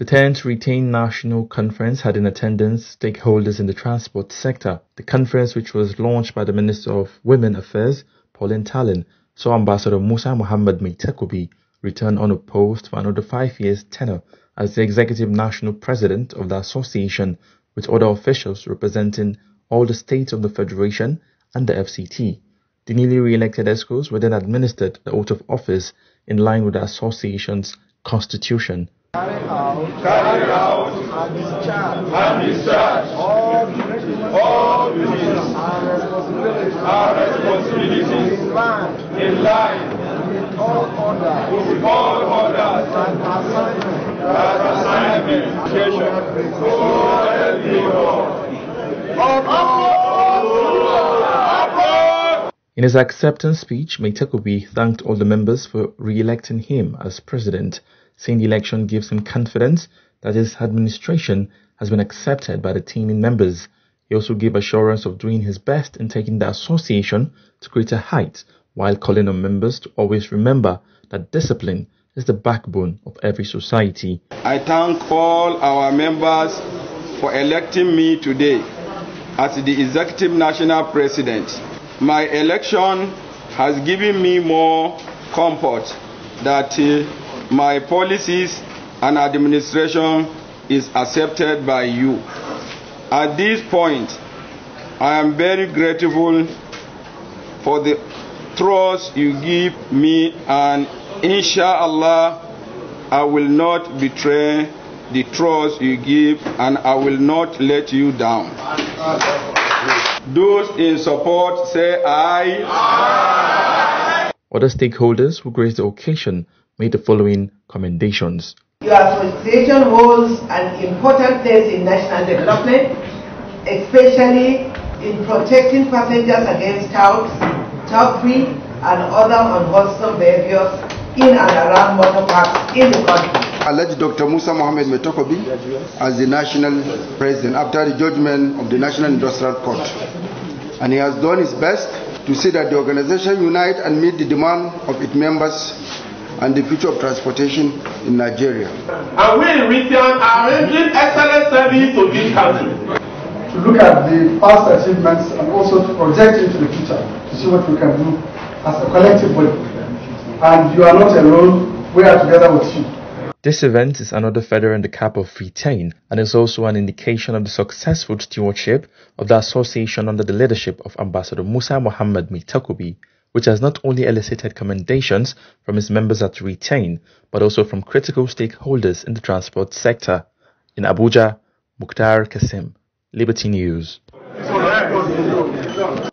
The 10th Retained National Conference had in attendance stakeholders in the transport sector. The conference, which was launched by the Minister of Women Affairs, Pauline Tallon, saw Ambassador Musa Muhammad Meitekubi return unopposed for another five years tenure as the Executive National President of the association, with other officials representing all the states of the Federation and the FCT. The newly re-elected ESCOs were then administered the oath of office in line with the association's constitution. Carry out, carry out, and discharge, and discharge all duties and responsibilities, responsibilities in line, in line with all orders, with all orders and and in his acceptance speech, Meitakubi thanked all the members for re-electing him as president saying the election gives him confidence that his administration has been accepted by the team members. He also gave assurance of doing his best in taking the association to greater heights while calling on members to always remember that discipline is the backbone of every society. I thank all our members for electing me today as the Executive National President. My election has given me more comfort that uh, my policies and administration is accepted by you. At this point, I am very grateful for the trust you give me and inshallah I will not betray the trust you give and I will not let you down. Those in support say aye. Other stakeholders who graced the occasion made the following commendations. Your association holds an important place in national development, especially in protecting passengers against touts, thievery, and other unwholesome behaviors in and around motor parks in the country. Alleged Dr. Musa Mohammed Metokobi as the national president after the judgment of the National Industrial Court. And he has done his best to see that the organization unite and meet the demand of its members and the future of transportation in Nigeria. And we in return are rendering excellent service to this country. To look at the past achievements and also to project into the future to see what we can do as a collective body. And you are not alone, we are together with you. This event is another feather in the cap of Retain and is also an indication of the successful stewardship of the association under the leadership of Ambassador Musa Mohammed Mitakubi which has not only elicited commendations from its members at Retain, but also from critical stakeholders in the transport sector. In Abuja, Mukhtar Kasim, Liberty News.